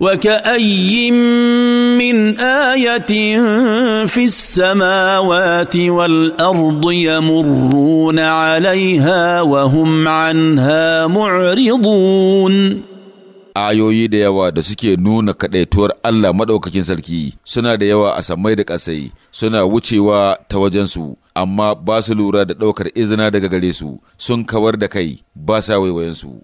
وكأي من آية في السماوات والأرض يمرون عليها وهم عنها معرضون ayoyi da yawa da suke nuna kaɗaituwar Allah maɗaukakin sarki suna da yawa a samai da ƙasai suna wucewa ta wajensu amma ba su lura da ɗaukar izina daga gare su sun kawar da kai ba sa waiwayensu.